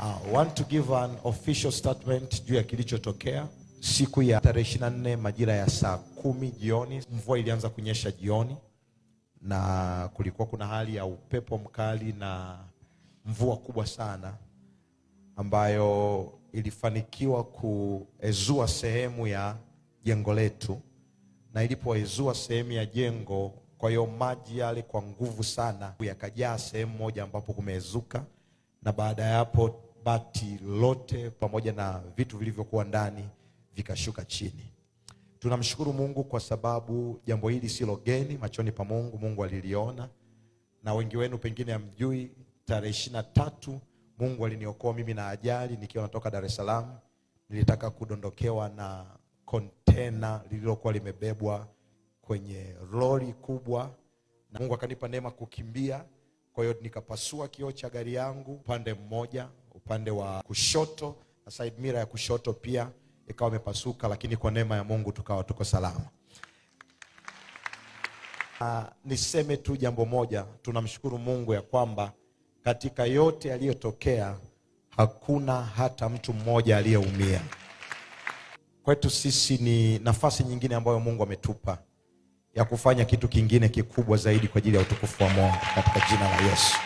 Uh, want to give an official statement juu ya kilichotokea siku ya tarehe 24 majira ya saa kumi jioni. Mvua ilianza kunyesha jioni na kulikuwa kuna hali ya upepo mkali na mvua kubwa sana ambayo ilifanikiwa kuezua sehemu ya jengo letu, na ilipoezua sehemu ya jengo, kwa hiyo maji yale kwa nguvu sana yakajaa sehemu moja ambapo kumeezuka, na baada ya hapo bati lote pamoja na vitu vilivyokuwa ndani vikashuka chini. Tunamshukuru Mungu kwa sababu jambo hili silo geni machoni pa Mungu. Mungu aliliona, na wengi wenu pengine hamjui, tarehe ishirini na tatu Mungu aliniokoa mimi na ajali nikiwa natoka Dar es Salaam. Nilitaka kudondokewa na kontena lililokuwa limebebwa kwenye lori kubwa, na Mungu akanipa neema kukimbia. Kwa hiyo nikapasua kioo cha gari yangu upande mmoja upande wa kushoto na side mirror ya kushoto pia ikawa imepasuka, lakini kwa neema ya Mungu tukawa tuko salama. Uh, niseme tu jambo moja, tunamshukuru Mungu ya kwamba katika yote yaliyotokea hakuna hata mtu mmoja aliyeumia. Kwetu sisi ni nafasi nyingine ambayo Mungu ametupa ya kufanya kitu kingine kikubwa zaidi kwa ajili ya utukufu wa Mungu katika jina la Yesu.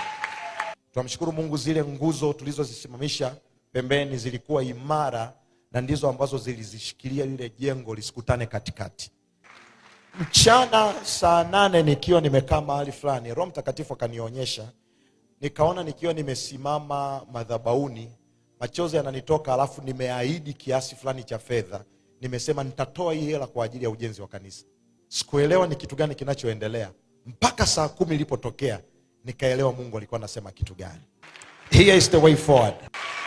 Tunamshukuru Mungu, zile nguzo tulizozisimamisha pembeni zilikuwa imara na ndizo ambazo zilizishikilia lile jengo lisikutane katikati. Mchana saa nane nikiwa nimekaa mahali fulani, Roho Mtakatifu akanionyesha, nikaona nikiwa nimesimama madhabauni, machozi yananitoka, alafu nimeahidi kiasi fulani cha fedha, nimesema nitatoa hii hela kwa ajili ya ujenzi wa kanisa. Sikuelewa ni kitu gani kinachoendelea mpaka saa kumi ilipotokea nikaelewa Mungu alikuwa anasema kitu gani. Here is the way forward.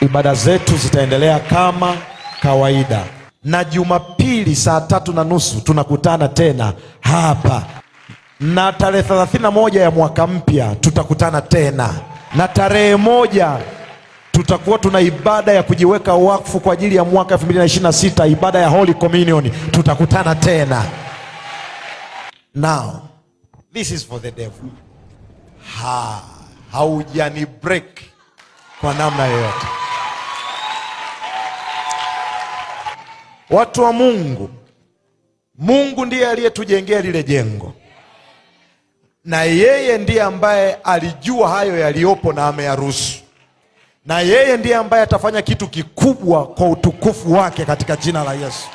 Ibada zetu zitaendelea kama kawaida, na Jumapili saa tatu na nusu tunakutana tena hapa, na tarehe moja ya mwaka mpya tutakutana tena, na tarehe moja tutakuwa tuna ibada ya kujiweka wakfu kwa ajili ya mwaka 2026 ibada ya Holy Communion, tutakutana tena. Now this is for the devil ha, haujani break kwa namna yoyote. Watu wa Mungu, Mungu ndiye aliyetujengea lile jengo na yeye ndiye ambaye alijua hayo yaliyopo na ameyaruhusu, na yeye ndiye ambaye atafanya kitu kikubwa kwa utukufu wake katika jina la Yesu.